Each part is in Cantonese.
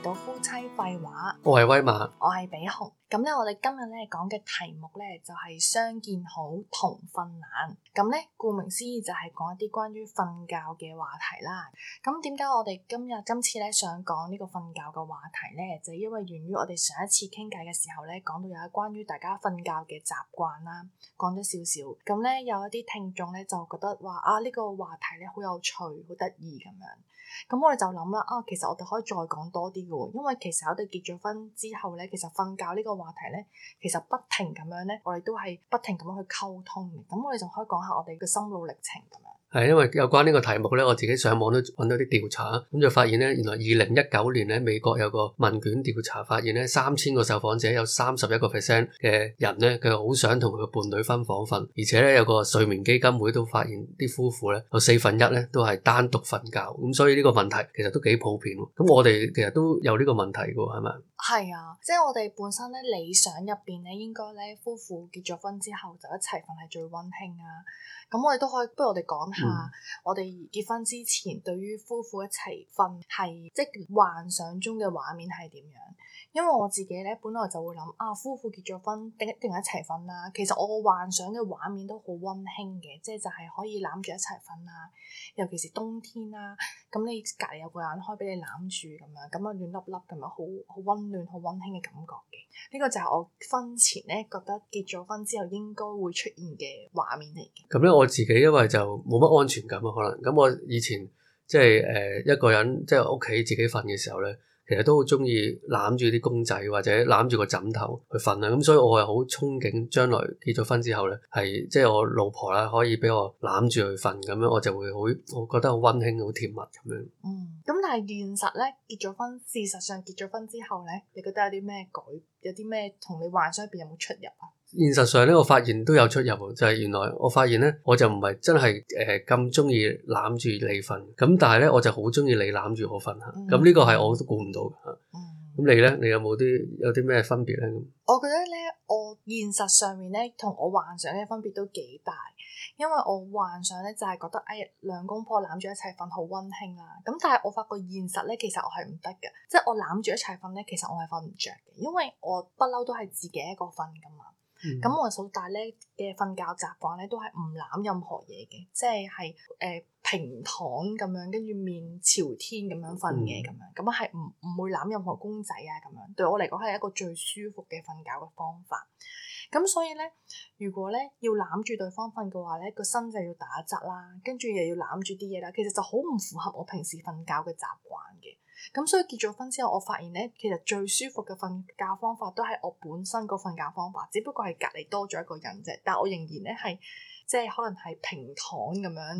到夫妻廢話，我係威馬，我係比雄。咁咧，我哋今日咧講嘅題目咧就係、是、相見好，同瞓難。咁咧，顧名思義就係講一啲關於瞓覺嘅話題啦。咁點解我哋今日今次咧想講呢個瞓覺嘅話題咧？就係因為源於我哋上一次傾偈嘅時候咧，講到有關於大家瞓覺嘅習慣啦，講咗少少。咁咧，有一啲聽眾咧就覺得話啊，呢、這個話題咧好有趣、好得意咁樣。咁我哋就諗啦，啊、哦，其實我哋可以再講多啲嘅喎，因為其實我哋結咗婚之後咧，其實瞓覺呢個話題咧，其實不停咁樣咧，我哋都係不停咁樣去溝通嘅，咁我哋就可以講下我哋嘅心路歷程咁樣。係因為有關呢個題目咧，我自己上網都揾到啲調查，咁、嗯、就發現咧，原來二零一九年咧，美國有個問卷調查發現咧，三千個受訪者有三十一個 percent 嘅人咧，佢好想同佢伴侶分房瞓，而且咧，有個睡眠基金會都發現啲夫婦咧有四分一咧都係單獨瞓覺，咁、嗯、所以呢個問題其實都幾普遍，咁、嗯、我哋其實都有呢個問題嘅係咪？係啊，即係我哋本身咧理想入邊咧，應該咧夫婦結咗婚之後就一齊瞓係最溫馨啊，咁我哋都可以，不如我哋講。啊！我哋結婚之前，對於夫婦一齊瞓係，即幻想中嘅畫面係點樣？因為我自己咧，本來就會諗啊，夫婦結咗婚，定一定一齊瞓啦。其實我幻想嘅畫面都好温馨嘅，即係就係可以攬住一齊瞓啦。尤其是冬天啦，咁你隔離有個眼開俾你攬住咁樣，咁啊暖粒粒咁樣，好好温暖、好温馨嘅感覺嘅。呢個就係我婚前咧覺得結咗婚之後應該會出現嘅畫面嚟嘅。咁咧我自己因為就冇乜安全感啊，可能咁我以前即係誒一個人即係屋企自己瞓嘅時候咧。其實都好中意攬住啲公仔或者攬住個枕頭去瞓啦，咁所以我係好憧憬將來結咗婚之後咧，係即係我老婆啦，可以俾我攬住去瞓咁樣，我就會好，我覺得好溫馨、好甜蜜咁樣。嗯，咁但係現實咧，結咗婚，事實上結咗婚之後咧，你覺得有啲咩改，有啲咩同你幻想入邊有冇出入啊？現實上咧，我發現都有出入，就係原來我發現咧，我就唔係真係誒咁中意攬住你瞓，咁但係咧，我就好中意你攬住我瞓吓，咁呢個係我都估唔到吓。咁你咧，你有冇啲有啲咩分別咧？我覺得咧，我現實上面咧，同我幻想嘅分別都幾大，因為我幻想咧就係覺得哎，兩公婆攬住一齊瞓好溫馨啊，咁但係我發覺現實咧，其實我係唔得噶，即係我攬住一齊瞓咧，其實我係瞓唔着嘅，因為我不嬲都係自己一個瞓噶嘛。咁、嗯、我阿嫂大咧嘅瞓覺習慣咧，都係唔攬任何嘢嘅，即係係誒平躺咁樣，跟住面朝天咁樣瞓嘅咁樣，咁啊係唔唔會攬任何公仔啊咁樣，對我嚟講係一個最舒服嘅瞓覺嘅方法。咁所以咧，如果咧要攬住對方瞓嘅話咧，個身就要打側啦，跟住又要攬住啲嘢啦，其實就好唔符合我平時瞓覺嘅習慣嘅。咁所以結咗婚之後，我發現咧，其實最舒服嘅瞓覺方法都係我本身個瞓覺方法，只不過係隔離多咗一個人啫。但我仍然咧係，即係可能係平躺咁樣，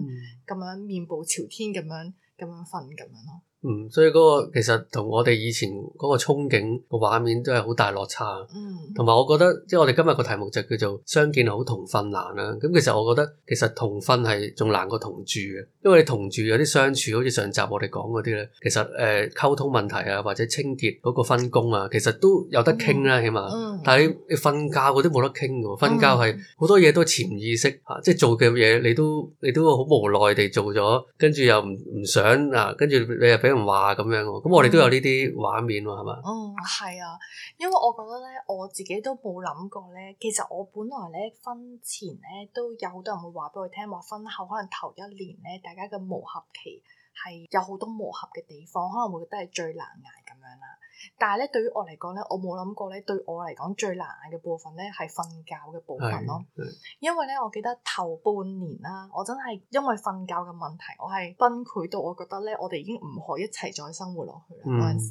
咁樣、嗯、面部朝天咁樣，咁樣瞓咁樣咯。嗯，所以嗰個其實同我哋以前嗰個憧憬個畫面都係好大落差。嗯，同埋我覺得，即係我哋今日個題目就叫做相見好同瞓難啦，啊。咁其實我覺得，其實同瞓係仲難過同住嘅，因為你同住有啲相處，好似上集我哋講嗰啲咧，其實誒溝、呃、通問題啊，或者清潔嗰個分工啊，其實都有得傾啦，啊，起碼。但係你瞓覺嗰啲冇得傾嘅，瞓覺係好多嘢都係潛意識吓，啊，即係做嘅嘢你都你都好無奈地做咗，跟住又唔唔想啊，跟住你又。有人話咁樣，咁我哋都有呢啲畫面喎，係嘛？嗯，係啊，因為我覺得咧，我自己都冇諗過咧。其實我本來咧，婚前咧都有好多人會話俾我聽，話婚後可能頭一年咧，大家嘅磨合期係有好多磨合嘅地方，可能會覺得係最難捱咁樣啦。但係咧，對於我嚟講咧，我冇諗過咧。對我嚟講最難嘅部分咧，係瞓覺嘅部分咯。因為咧，我記得頭半年啦，我真係因為瞓覺嘅問題，我係崩潰到我覺得咧，我哋已經唔可以一齊再生活落去嗰陣、嗯、時。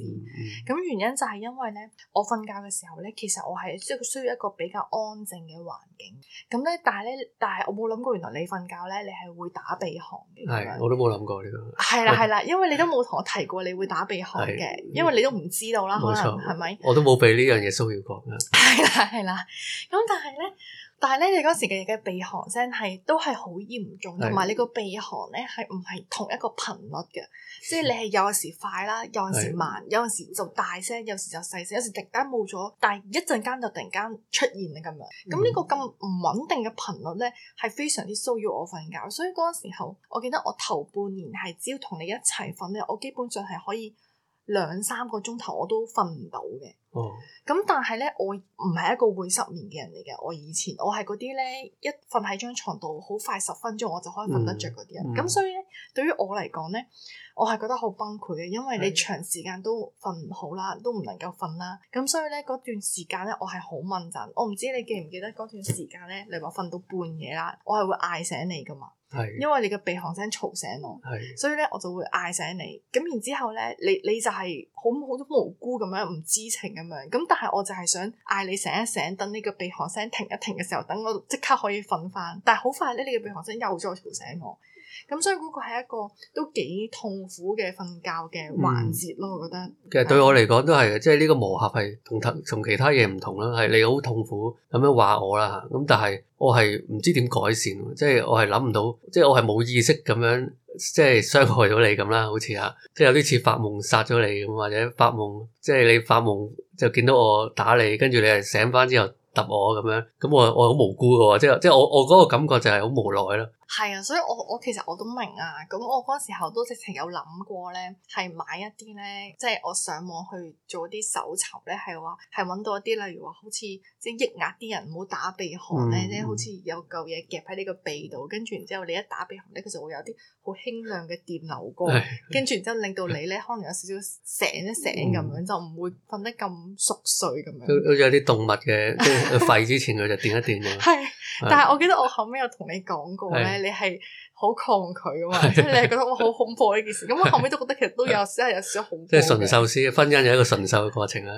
咁原因就係因為咧，我瞓覺嘅時候咧，其實我係即係需要一個比較安靜嘅環境。咁咧，但係咧，但係我冇諗過，原來你瞓覺咧，你係會打鼻鼾嘅。係，我都冇諗過呢、這個。係啦係啦，因為你都冇同我提過你會打鼻鼾嘅，因為你都唔知冇錯，係咪？我都冇被呢樣嘢騷擾過啦 係啦，係啦。咁但係咧，但係咧，你嗰時嘅嘅鼻鼾聲係都係好嚴重，同埋的你個鼻鼾咧係唔係同一個頻率嘅？即係的你係有陣時快啦，有陣時慢，的有陣時就大聲，有時就細聲，有時突然間冇咗，但係一陣間就突然間出現啊咁樣。咁呢、嗯、個咁唔穩定嘅頻率咧，係非常之騷擾我瞓覺。所以嗰陣時候，我記得我頭半年係只要同你一齊瞓咧，我基本上係可以。兩三個鐘頭我都瞓唔到嘅，咁、哦、但係咧，我唔係一個會失眠嘅人嚟嘅。我以前我係嗰啲咧，一瞓喺張床度，好快十分鐘我就可以瞓得着嗰啲人。咁、嗯嗯、所以呢對於我嚟講咧，我係覺得好崩潰嘅，因為你長時間都瞓唔好啦，都唔能夠瞓啦。咁所以咧，嗰段時間咧，我係好矇陣。我唔知你記唔記得嗰段時間咧，你咪瞓到半夜啦，我係會嗌醒你噶嘛。是因為你嘅鼻鼾聲嘈醒我，是所以咧我就會嗌醒你。咁然之後咧，你你就係好好多無辜咁樣唔知情咁樣。咁但係我就係想嗌你醒一醒，等呢個鼻鼾聲停一停嘅時候，等我即刻可以瞓翻。但係好快咧，你嘅鼻鼾聲又再嘈醒我。咁所以嗰個係一個都幾痛苦嘅瞓覺嘅環節咯，嗯、我覺得。其實對我嚟講都係，即係呢個磨合係同同其他嘢唔同啦，係你好痛苦咁樣話我啦嚇，咁但係我係唔知點改善，即係我係諗唔到，即係我係冇意識咁樣，即係傷害到你咁啦，好似吓，即係有啲似發夢殺咗你咁，或者發夢，即係你發夢就見到我打你，跟住你係醒翻之後揼我咁樣，咁我我好無辜嘅喎，即係即係我我嗰個感覺就係好無奈咯。係啊，所以我我其實我都明啊，咁我嗰時候都直情有諗過咧，係買一啲咧，即係我上網去做啲搜尋咧，係話係揾到一啲，例如話好似即係抑壓啲人唔好打鼻鼾咧，即係好似有嚿嘢夾喺呢個鼻度，跟住然之後，你一打鼻鼾咧，佢就會有啲好輕量嘅電流過，跟住然之後令到你咧可能有少少醒一醒咁樣就，就唔會瞓得咁熟睡咁樣。好似有啲動物嘅瞓之前佢就電一電咁。係。但係我記得我後尾有同你講過咧，是你係好抗拒啊嘛，即係 你係覺得哇好恐怖呢件事。咁 我後尾都覺得其實都有，有少少恐怖，即係順受試，婚姻有一個順受嘅過程啦。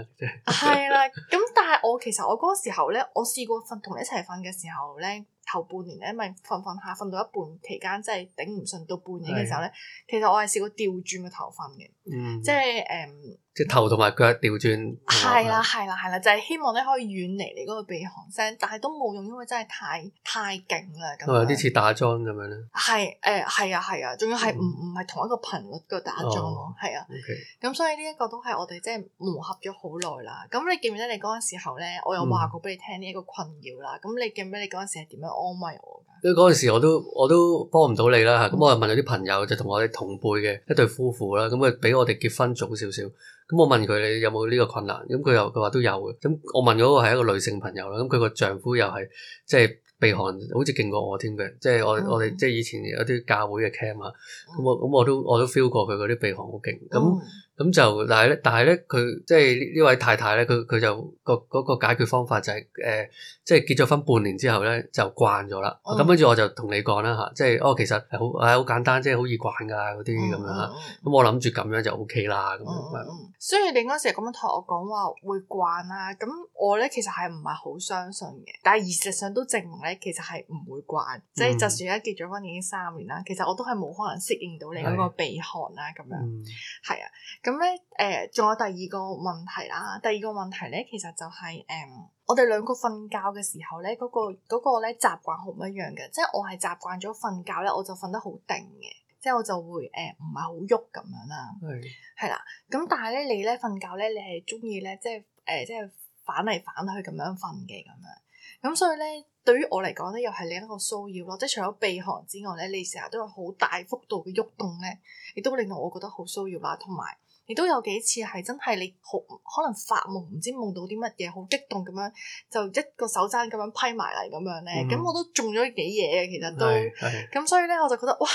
係 啦，咁但係我其實我嗰時候咧，我試過瞓同你一齊瞓嘅時候咧。頭半年咧，咪瞓瞓下，瞓到一半期間，真係頂唔順到半夜嘅時候咧，其實我係試過調轉個頭瞓嘅，即係誒，即頭同埋腳調轉。係啦係啦係啦，就係希望咧可以遠離你嗰個鼻鼾聲，但係都冇用，因為真係太太勁啦咁。咁有啲似打樁咁樣咧。係誒係啊係啊，仲要係唔唔係同一個頻率嘅打樁咯，係啊。OK。咁所以呢一個都係我哋即係磨合咗好耐啦。咁你記唔記得你嗰陣時候咧，我有話過俾你聽呢一個困擾啦。咁你記唔記得你嗰陣時係點樣？安慰、oh、我。因為嗰陣時，我都我都幫唔到你啦嚇。咁我係問咗啲朋友，就同我哋同輩嘅一對夫婦啦。咁佢比我哋結婚早少少。咁我問佢你有冇呢個困難？咁佢又佢話都有嘅。咁我問嗰個係一個女性朋友啦。咁佢個丈夫又係即係鼻鼾，好似勁過我添嘅。即係我我我哋、嗯、即係以前有啲教會嘅 cam 啊。咁我咁我都我都 feel 過佢嗰啲鼻鼾好勁。咁、嗯。嗯咁就，但係咧，但係咧，佢即係呢位太太咧，佢佢就個嗰個解決方法就係，誒，即係結咗婚半年之後咧，就慣咗啦。咁跟住我就同你講啦嚇，即係哦，其實係好，誒好簡單，即係好易慣㗎嗰啲咁樣嚇。咁我諗住咁樣就 OK 啦咁樣。所以你嗰陣時咁樣同我講話會慣啦，咁我咧其實係唔係好相信嘅，但係而事實上都證明咧，其實係唔會慣。即係就算而家結咗婚已經三年啦，其實我都係冇可能適應到你嗰個鼻鼾啦，咁樣。係啊。咁咧，誒，仲、呃、有第二個問題啦。第二個問題咧，其實就係、是、誒、呃，我哋兩個瞓覺嘅時候咧，嗰、那個咧、那個、習慣好唔一樣嘅。即係我係習慣咗瞓覺咧，我就瞓得好定嘅，即係我就會誒唔係好喐咁樣是啦。係係啦，咁但係咧，你咧瞓覺咧，你係鍾意咧，即係誒、呃，即係反嚟反去咁樣瞓嘅咁樣。咁所以咧，對於我嚟講咧，又係另一個騷擾咯。即係除咗鼻鼾之外咧，你成日都有好大幅度嘅喐動咧，亦都令到我覺得好騷擾啦，同埋。亦都有幾次係真係你好可能發夢唔知夢到啲乜嘢，好激動咁樣就一個手踭咁樣批埋嚟咁樣咧，咁、mm hmm. 我都中咗幾嘢嘅其實都，咁、mm hmm. 所以咧，我就覺得哇，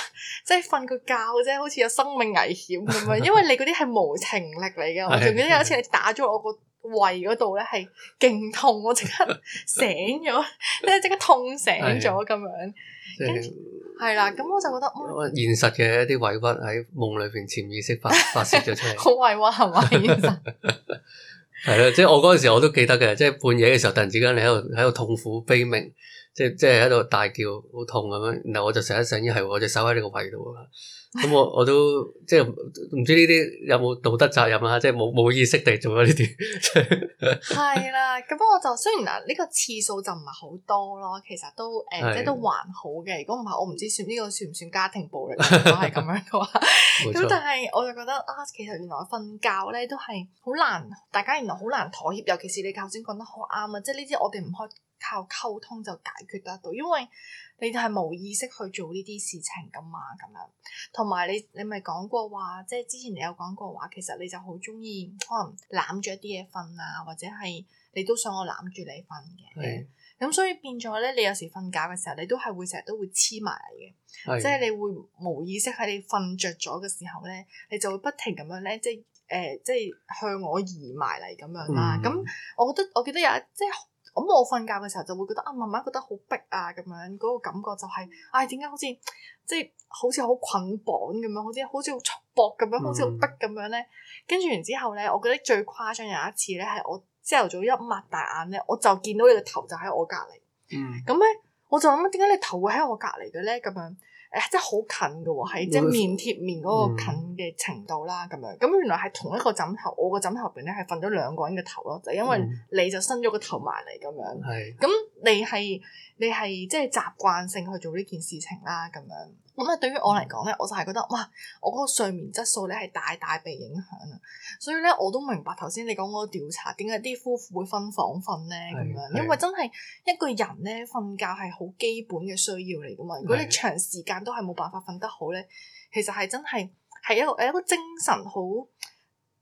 即係瞓個覺啫，好似有生命危險咁樣， 因為你嗰啲係無情力嚟嘅， 我仲記得有一次你打咗我個 胃嗰度咧係勁痛，我即刻醒咗， 即係即刻痛醒咗咁樣，跟住係啦，咁我就覺得，現實嘅一啲委屈喺夢裏邊潛意識發發泄咗出嚟，好 委屈係嘛現實？係 啦， 即係我嗰陣時我都記得嘅，即係半夜嘅時候突然之間你喺度喺度痛苦悲鳴，即係即係喺度大叫好痛咁樣，然後我就醒一醒，咦係，我隻手喺呢個胃度啊！咁 我我都即係唔知呢啲有冇道德責任啊，即係冇冇意識地做咗呢啲。係 啦，咁我就雖然啊，呢個次數就唔係好多咯，其實都誒、呃，即係都還好嘅。如果唔係，我唔知算呢個算唔算家庭暴力都係咁樣嘅話。冇錯。咁 但係我就覺得啊，其實原來瞓覺咧都係好難，大家原來好難妥協，尤其是你頭先講得好啱啊，即係呢啲我哋唔開。有溝通就解決得到，因為你係冇意識去做呢啲事情噶嘛，咁樣。同埋你你咪講過話，即係之前你有講過話，其實你就好中意可能攬住一啲嘢瞓啊，或者係你都想我攬住你瞓嘅。咁是的 所以變咗咧，你有時瞓覺嘅時候，你都係會成日都會黐埋嚟嘅。即係是的 你會冇意識喺你瞓着咗嘅時候咧，你就會不停咁樣咧，即係誒、呃，即係向我移埋嚟咁樣啦。咁、嗯、我覺得我記得有一即係。咁我瞓覺嘅時候就會覺得啊，慢慢覺得好逼啊，咁樣嗰個感覺就係，唉，點解好似即係好似好捆綁咁樣，好似好似好束縛咁樣，好似好逼咁樣咧。跟住完之後咧，我覺得最誇張有一次咧，係我朝頭早一擘大眼咧，我就見到你個頭就喺我隔離。嗯。咁咧，我就諗點解你頭會喺我隔離嘅咧？咁樣。誒，即係好近嘅喎，係即係面貼面嗰個近嘅程度啦，咁、嗯、樣。咁原來係同一個枕頭，我個枕頭邊咧係瞓咗兩個人嘅頭咯，就係、因為你就伸咗個頭埋嚟咁樣。係是。咁你係你係即係習慣性去做呢件事情啦，咁樣。咁啊，對於我嚟講咧，我就係覺得哇，我個睡眠質素咧係大大被影響啊！所以咧，我都明白頭先你講嗰個調查，點解啲夫婦會分房瞓咧咁樣？因為真係一個人咧瞓覺係好基本嘅需要嚟㗎嘛。如果你長時間都係冇辦法瞓得好咧，的其實係真係係一個誒一個精神好。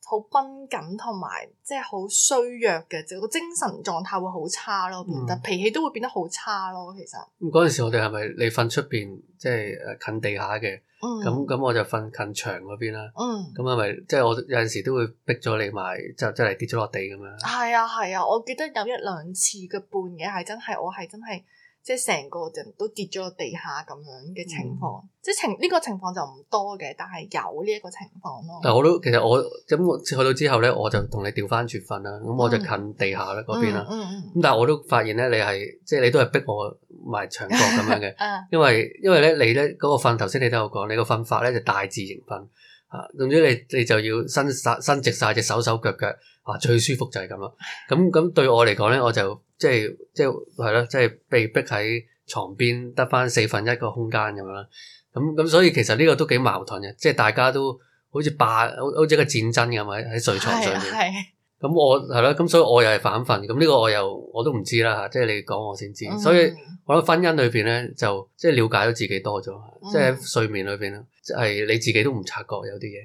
好崩緊同埋即係好衰弱嘅，就個、是、精神狀態會好差咯，嗯、變得脾氣都會變得好差咯，其實。咁嗰、嗯、時我哋係咪你瞓出邊即係誒近地下嘅？咁咁、嗯、我就瞓近牆嗰邊啦。咁係咪即係我有陣時都會逼咗你埋，就就是、真係跌咗落地咁樣？係啊係啊，我記得有一兩次嘅半夜，係真係我係真係。即係成個人都跌咗地下咁樣嘅情況，嗯、即係情呢個情況就唔多嘅，但係有呢一個情況咯。但係我都其實我咁我去到之後咧，我就同你調翻住瞓啦，咁、嗯、我就近地下咧嗰邊啦。咁、嗯嗯嗯、但係我都發現咧，你係即係你都係逼我埋牆角咁樣嘅，因為因為咧你咧嗰、那個瞓頭先你都有講，你個瞓法咧就大字形瞓。啊，總之你你就要伸曬伸直晒隻手手腳腳，啊最舒服就係咁啦。咁咁對我嚟講咧，我就即係即係係咯，即係被逼喺床邊得翻四分一個空間咁樣啦。咁咁所以其實呢個都幾矛盾嘅，即係大家都好似霸，好似一個戰爭咁樣喺睡床上面。咁、嗯嗯、我係啦，咁所以我又係反瞓，咁呢個我又我都唔知啦，即係你講我先知，所以我諗、這個嗯、婚姻裏邊咧，就即、是、係了解到自己多咗，嗯、即係睡眠裏邊咧，即、就、係、是、你自己都唔察覺有啲嘢，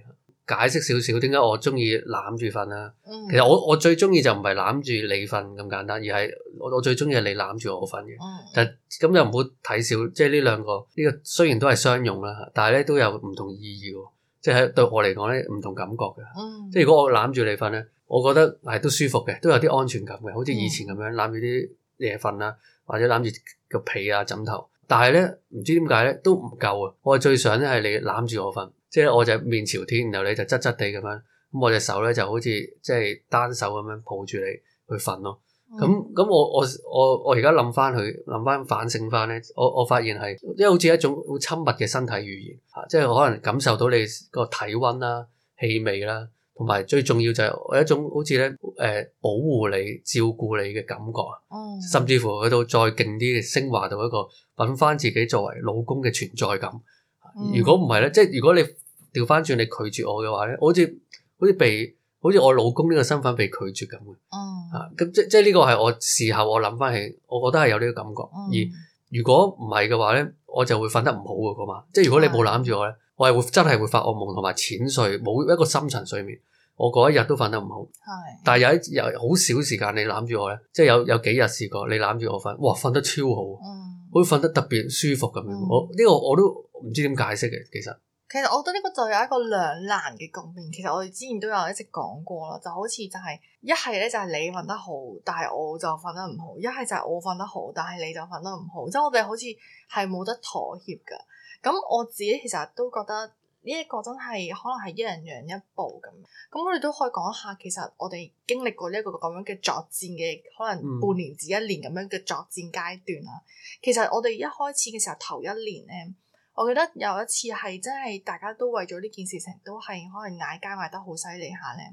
解釋少少，點解我中意攬住瞓啦？其實我我最中意就唔係攬住你瞓咁簡單，而係我我最中意係你攬住我瞓嘅。嗯、但咁又唔好睇少。即係呢兩個呢、這個雖然都係相擁啦，但係咧都有唔同意義，即係對我嚟講咧唔同感覺嘅。即係、嗯、如果我攬住你瞓咧。我覺得係都舒服嘅，都有啲安全感嘅，好似以前咁樣攬住啲嘢瞓啦，或者攬住個被啊、枕頭。但係咧，唔知點解咧，都唔夠啊！我最想咧係你攬住我瞓，即係我就面朝天，然後你就側側地咁樣，咁、嗯、我隻手咧就好似即係單手咁樣抱住你去瞓咯、啊。咁、嗯、咁我我我我而家諗翻佢，諗翻反省翻咧，我我發現係，即係好似一種好親密嘅身體語言嚇，即係可能感受到你個體温啦、啊、氣味啦、啊。同埋最重要就係有一種好似咧誒保護你照顧你嘅感覺，嗯、甚至乎去到再勁啲嘅昇華到一個揾翻自己作為老公嘅存在感。嗯、如果唔係咧，即係如果你調翻轉你拒絕我嘅話咧，好似好似被好似我老公呢個身份被拒絕咁嘅。嗯、啊，咁即即係呢個係我事後我諗翻起，我覺得係有呢個感覺。而如果唔係嘅話咧。我就會瞓得唔好喎，嗰晚即係如果你冇攬住我咧，是的 我係會真係會發惡夢同埋淺睡，冇一個深層睡眠，我嗰一日都瞓得唔好。係是的，但係有有好少時間你攬住我咧，即係有有幾日試過你攬住我瞓，哇，瞓得超好，嗯、會瞓得特別舒服咁樣。嗯、我呢、呢個我都唔知點解釋嘅，其實。其實我覺得呢個就有一個兩難嘅局面。其實我哋之前都有一直講過啦，就好似就係一係咧就係你瞓得好，但係我就瞓得唔好；一係就係我瞓得好，但係你就瞓得唔好。即係我哋好似係冇得妥協噶。咁我自己其實都覺得呢一個真係可能係一人讓一步咁。咁我哋都可以講下，其實我哋經歷過呢一個咁樣嘅作戰嘅，可能半年至一年咁樣嘅作戰階段啦。嗯、其實我哋一開始嘅時候頭一年咧。我記得有一次係真係大家都為咗呢件事情都係可能嗌交嗌得好犀利下咧。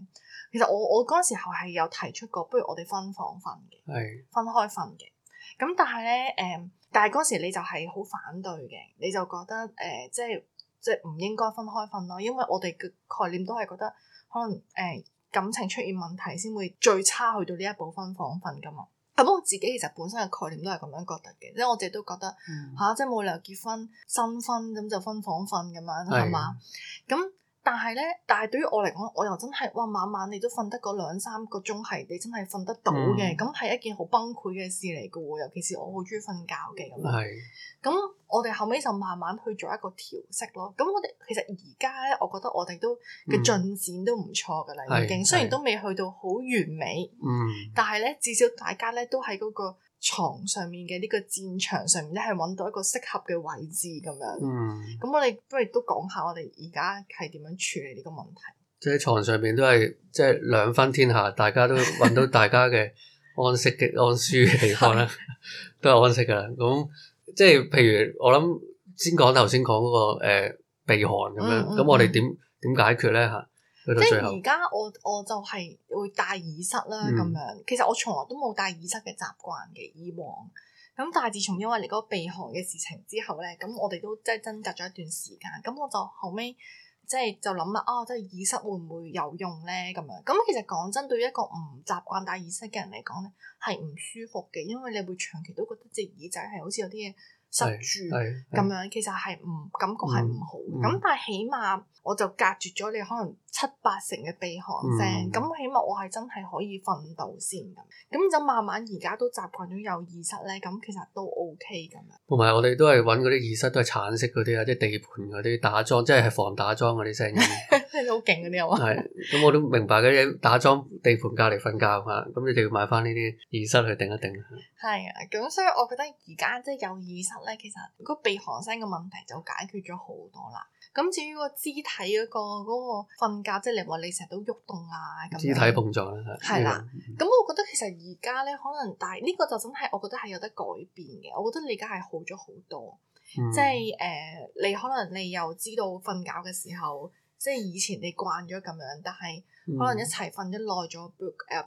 其實我我嗰時候係有提出過，不如我哋分房瞓嘅，分開瞓嘅。咁但係咧，誒、嗯，但係嗰時你就係好反對嘅，你就覺得誒、呃，即係即係唔應該分開瞓咯，因為我哋嘅概念都係覺得可能誒、呃、感情出現問題先會最差去到呢一步分房瞓㗎嘛。係，不過我自己其實本身嘅概念都係咁樣覺得嘅，即係我自己都覺得嚇、嗯啊，即係冇理由結婚新婚咁就分房瞓咁樣係嘛，咁是。但係咧，但係對於我嚟講，我又真係哇，晚晚你都瞓得嗰兩三個鐘，係你真係瞓得到嘅，咁係、嗯、一件好崩潰嘅事嚟㗎喎。尤其是我好中意瞓覺嘅咁是樣。咁我哋後尾就慢慢去做一個調適咯。咁我哋其實而家咧，我覺得我哋都嘅、嗯、進展都唔錯㗎啦，已經是雖然都未去到好完美，嗯，但係咧至少大家咧都喺嗰個。床上面嘅呢個戰場上面，都係揾到一個適合嘅位置咁樣。嗯。咁我哋不如都講下我哋而家係點樣處理呢個問題。即係床上面都係即係兩分天下，大家都揾到大家嘅 安息嘅安舒嘅地方啦， 都係安息噶啦。咁即係譬如我諗先講頭先講嗰個誒、呃、鼻鼾咁樣，咁、嗯、我哋點點解決咧嚇？即係而家我我就係會戴耳塞啦，咁、嗯、樣，其實我從來都冇戴耳塞嘅習慣嘅以往。咁但係自從因為你嗰鼻鼾嘅事情之後咧，咁我哋都即係掙扎咗一段時間。咁我就後尾，即係就諗啦，啊，即係耳塞會唔會有用咧咁樣？咁其實講真，對於一個唔習慣戴耳塞嘅人嚟講咧，係唔舒服嘅，因為你會長期都覺得隻耳仔係好似有啲嘢住咁樣，其實係唔感覺係唔好咁，嗯、但係起碼我就隔絕咗你可能七八成嘅鼻鼾聲，咁、嗯、起碼我係真係可以瞓到先咁。咁就慢慢而家都習慣咗有耳塞咧，咁其實都 OK 咁樣。同埋我哋都係揾嗰啲耳塞，都係橙色嗰啲啊，即係地盤嗰啲打樁，即係係防打樁嗰啲聲音。係 好勁嗰啲啊，咁我都明白嗰啲 打樁地盤隔籬瞓覺啊，咁你哋要買返呢啲耳塞去頂一頂啦。係啊，咁所以我覺得而家即係有耳塞。咧，其實個鼻鼾聲嘅問題就解決咗好多啦。咁至於個肢體嗰個瞓覺，即係你話你成日都喐動，動啊，咁肢體碰撞咧，係啦的。咁，嗯，我覺得其實而家咧，可能但係呢個就真係，我覺得係有得改變嘅。我覺得你而家係好咗好多，即係誒，你可能你又知道瞓覺嘅時候，即係以前你慣咗咁樣，但係。嗯、可能一齊瞓得耐咗，誒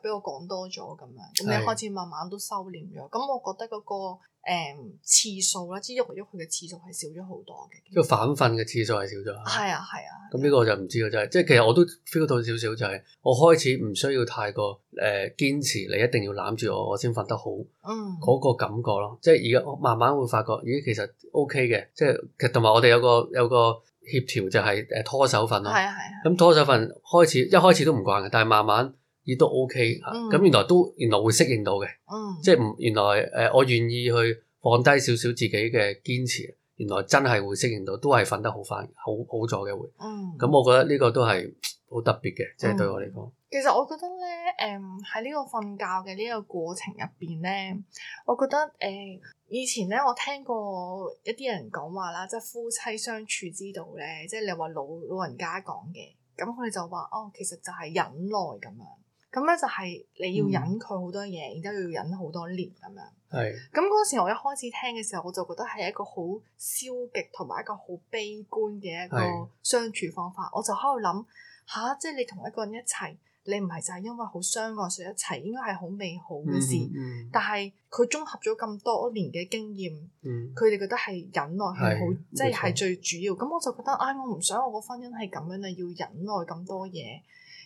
俾、呃、我講多咗咁樣，咁係你開始慢慢都收斂咗。咁我覺得嗰、嗰個、呃、次數啦，之喐嚟喐佢嘅次數係少咗好多嘅。即反瞓嘅次數係少咗。係啊，係啊。咁呢、嗯、個我就唔知啦，就係即係其實我都 feel 到少少就係、係，我開始唔需要太過誒堅、呃、持，你一定要攬住我，我先瞓得好。嗯。嗰個感覺咯，即係而家我慢慢會發覺，咦，其實 OK 嘅，即係同埋我哋有個有個。有個有個協調就係誒拖手瞓咯，咁、啊、拖手瞓開始一開始都唔慣嘅，但係慢慢亦都 O K 嚇，咁、啊、原來都原來會適應到嘅，嗯、即係原來誒、呃、我願意去放低少少自己嘅堅持，原來真係會適應到，都係瞓得好翻，好好咗嘅會，咁、嗯、我覺得呢個都係。好特別嘅，即係對我嚟講，嗯。其實我覺得咧，誒喺呢個瞓覺嘅呢個過程入邊咧，我覺得誒，嗯、以前咧，我聽過一啲人講話啦，即係夫妻相處之道咧，即係你話老老人家講嘅，咁佢哋就話哦，其實就係忍耐咁樣，咁咧就係你要忍佢好多嘢，嗯、然之後要忍好多年咁樣。係是。咁嗰時我一開始聽嘅時候，我就覺得係一個好消極同埋一個好悲觀嘅一個相處方法，是我就喺度諗。嚇、啊！即係你同一個人一齊，你唔係就係因為好相愛所以一齊，應該係好美好嘅事。嗯嗯、但係佢綜合咗咁多年嘅經驗，佢哋、嗯、覺得係忍耐係好，即係係最主要。咁冇錯、我就覺得，唉、哎，我唔想我個婚姻係咁樣啊，要忍耐咁多嘢，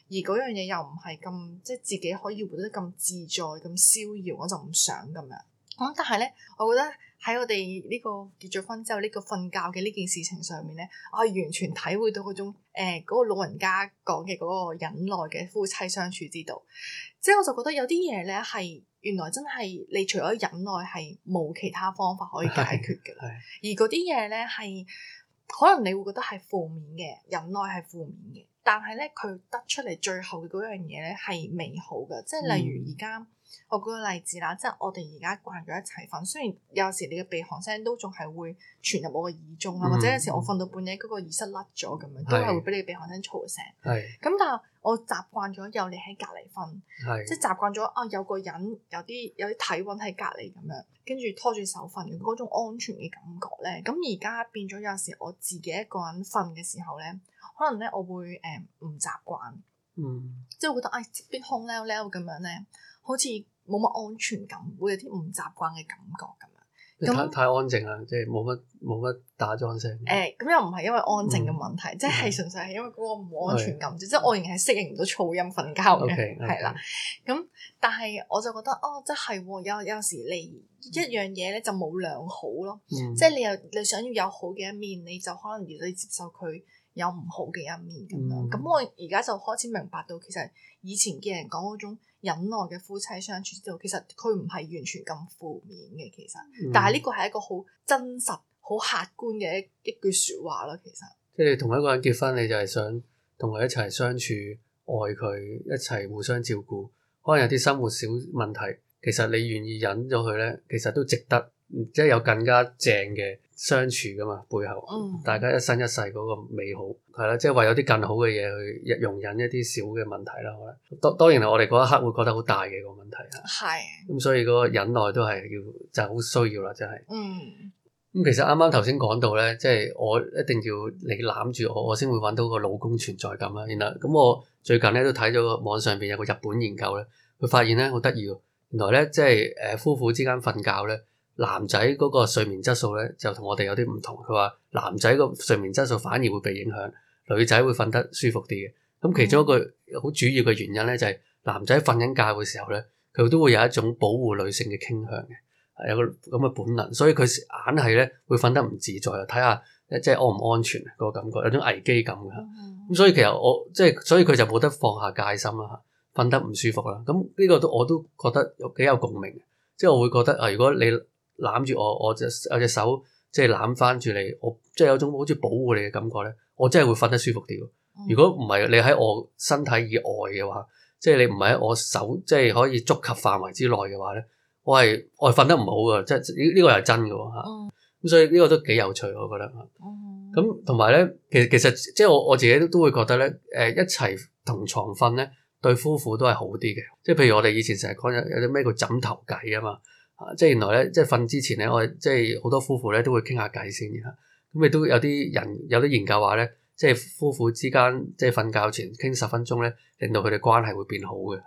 而嗰樣嘢又唔係咁即係自己可以活得咁自在、咁逍遙，我就唔想咁樣。咁但係咧，我覺得。喺我哋呢個結咗婚之後，呢個瞓覺嘅呢件事情上面呢，我係完全體會到嗰種誒、呃嗰個老人家講嘅嗰個忍耐嘅夫妻相處之道。即係我就覺得有啲嘢呢係原來真係，你除咗忍耐係冇其他方法可以解決嘅， 而嗰啲嘢呢係可能你會覺得係負面嘅，忍耐係負面嘅。但係咧，佢得出嚟最後嘅嗰樣嘢咧，係美好嘅。即係例如而家、嗯、我舉個例子啦，即、就、係、是、我哋而家慣咗一齊瞓。雖然有時你嘅鼻鼾聲都仲係會傳入我嘅耳中啦，嗯、或者有時我瞓到半夜嗰、那個耳塞甩咗咁樣，都係會俾你鼻鼾聲嘈醒。係是。咁但係我習慣咗有你喺隔離瞓，是即係習慣咗啊有個人有啲有啲體温喺隔離咁樣，跟住拖住手瞓嗰種安全嘅感覺咧。咁而家變咗有時我自己一個人瞓嘅時候咧。可能咧，我會誒唔習慣，嗯，即係覺得誒邊空溜溜咁樣咧，好似冇乜安全感，會、嗯、有啲唔習慣嘅感覺咁樣。太安靜喇，即係冇乜冇乜打樁聲。誒，咁又唔係因為安靜嘅問題，即係純粹係因為嗰個唔安全感，即係我仍然係適應唔到噪音瞓覺嘅，係啦。咁但係我就覺得哦，即係有有時你一樣嘢咧就冇良好咯，即係你又你想要有好嘅一面，你就可能要你接受佢，有唔好嘅一面咁樣，咁、嗯、我而家就開始明白到，其實以前嘅人講嗰種忍耐嘅夫妻相處之道，其實佢唔係完全咁負面嘅，其實，嗯、但係呢個係一個好真實、好客觀嘅一一句説話咯，其實。即係你同一個人結婚，你就係想同佢一齊相處，愛佢，一齊互相照顧，可能有啲生活小問題，其實你願意忍咗佢呢，其實都值得。即係有更加正嘅相處㗎嘛，背後、嗯、大家一生一世嗰個美好係啦，即係話有啲更好嘅嘢去容忍一啲小嘅問題啦。可能當當然係我哋嗰一刻會覺得好大嘅個問題嚇，係咁是、嗯、所以個忍耐都係要就好、是、需要啦，真係嗯咁、嗯、其實啱啱頭先講到咧，即、就、係、是、我一定要你攬住我，我先會搵到個老公存在感啦。原來咁我最近咧都睇咗個網上邊有個日本研究咧，佢發現咧好得意喎，原來咧即係誒夫婦之間瞓覺咧。男仔嗰個睡眠質素咧，就同我哋有啲唔同。佢話男仔個睡眠質素反而會被影響，女仔會瞓得舒服啲嘅。咁其中一個好主要嘅原因咧，就係、是、男仔瞓緊覺嘅時候咧，佢都會有一種保護女性嘅傾向嘅，有個咁嘅本能。所以佢硬係咧會瞓得唔自在啊！睇下即係安唔安全嗰個感覺，有種危機感㗎。咁、嗯、所以其實我即係，所以佢就冇得放下戒心啦，瞓得唔舒服啦。咁呢個都我都覺得有幾有共鳴即係、就是、我會覺得啊，如果你攬住我，我隻我隻手即係攬返住你，我即係有種好似保護你嘅感覺咧，我真係會瞓得舒服啲。嗯、如果唔係你喺我身體以外嘅話，即係你唔係喺我手即係可以觸及範圍之內嘅話咧，我係我係瞓得唔好㗎，即係呢呢個係真㗎吓。咁、嗯、所以呢個都幾有趣，我覺得。咁同埋咧，其實其實即係我我自己都都會覺得咧，誒一齊同床瞓咧，對夫婦都係好啲嘅。即係譬如我哋以前成日講有有啲咩叫枕頭偈啊嘛。即係原來咧，即係瞓之前咧，我即係好多夫婦咧都會傾下偈先嚇。咁亦都有啲人有啲研究話咧，即係夫婦之間即係瞓覺前傾十分鐘咧，令到佢哋關係會變好嘅嚇。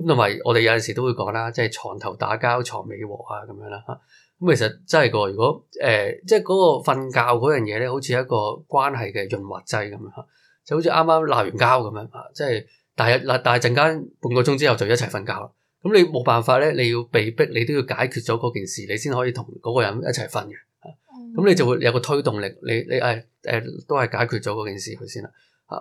咁同埋我哋有陣時都會講啦，即係床頭打交、床尾和啊咁樣啦嚇。咁其實真係個，如果誒即係嗰個瞓覺嗰樣嘢咧，好似一個關係嘅潤滑劑咁樣嚇，就好似啱啱鬧完交咁樣嚇，即係但係但係陣間半個鐘之後就一齊瞓覺啦，咁你冇辦法咧，你要被逼，你都要解決咗嗰件事，你先可以同嗰個人一齊瞓嘅。咁、嗯、你就會有個推動力，你你誒誒、哎哎，都係解決咗嗰件事佢先啦。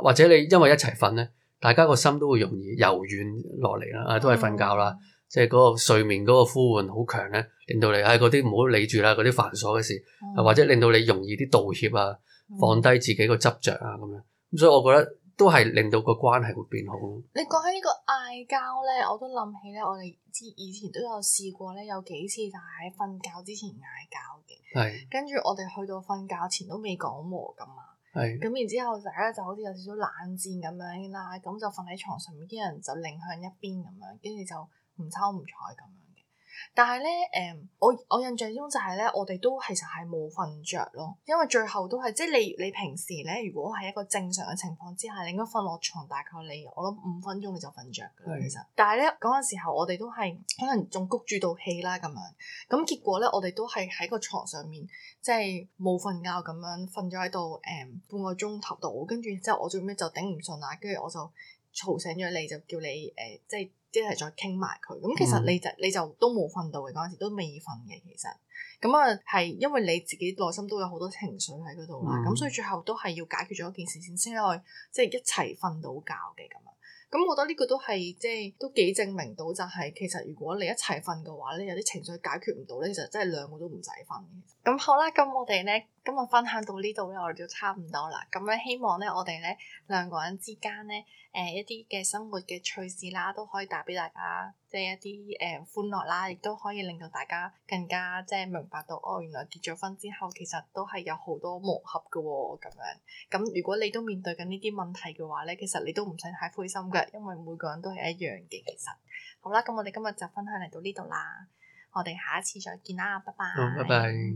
或者你因為一齊瞓咧，大家個心都會容易柔軟落嚟啦，啊，都係瞓覺啦，即係嗰個睡眠嗰個呼喚好強咧，令到你誒，嗰啲唔好理住啦，嗰啲繁瑣嘅事，嗯、或者令到你容易啲道歉啊，放低自己個執着啊咁樣。咁所以我覺得。都係令到個關係會變好。你講起個呢個嗌交咧，我都諗起咧，我哋之以前都有試過咧，有幾次就喺瞓覺之前嗌交嘅。係是。跟住我哋去到瞓覺前都未講和咁嘛。係是。咁然之後大家就好似有少少冷戰咁樣，啦咁就瞓喺床上面，啲人就擰向一邊咁樣，跟住就唔抽唔睬咁。但係咧，誒、嗯，我我印象中就係咧，我哋都其實係冇瞓着咯，因為最後都係即係你你平時咧，如果係一個正常嘅情況之下，你應該瞓落床大概你，我諗五分鐘你就瞓着嘅啦。是其實，但係咧嗰個時候我哋都係可能仲谷住道氣啦咁樣，咁結果咧我哋都係喺個床上面即係冇瞓覺咁樣，瞓咗喺度誒半個鐘頭度，跟住之後我最屘就頂唔順啦，跟住我就嘈醒咗你，就叫你誒、呃、即係。即係再傾埋佢，咁其實你就你就都冇瞓到嘅嗰陣時，都未瞓嘅其實，咁啊係因為你自己內心都有好多情緒喺嗰度啦，咁、嗯、所以最後都係要解決咗一件事先先可以即係一齊瞓到覺嘅咁啊，咁我覺得呢個都係即係都幾證明到就係、是、其實如果你一齊瞓嘅話咧，有啲情緒解決唔到咧，其實真係兩個都唔使瞓嘅。咁好啦，咁我哋咧。今日分享到呢度咧，我哋就差唔多啦。咁咧，希望咧，我哋咧兩個人之間咧，誒、呃、一啲嘅生活嘅趣事啦，都可以帶俾大家，即係一啲誒、呃、歡樂啦，亦都可以令到大家更加即係明白到，哦，原來結咗婚之後其實都係有好多磨合嘅喎、哦，咁樣。咁如果你都面對緊呢啲問題嘅話咧，其實你都唔使太灰心嘅，因為每個人都係一樣嘅。其實，好啦，咁我哋今日就分享嚟到呢度啦，我哋下一次再見啦，拜拜。拜拜。好，Bye bye.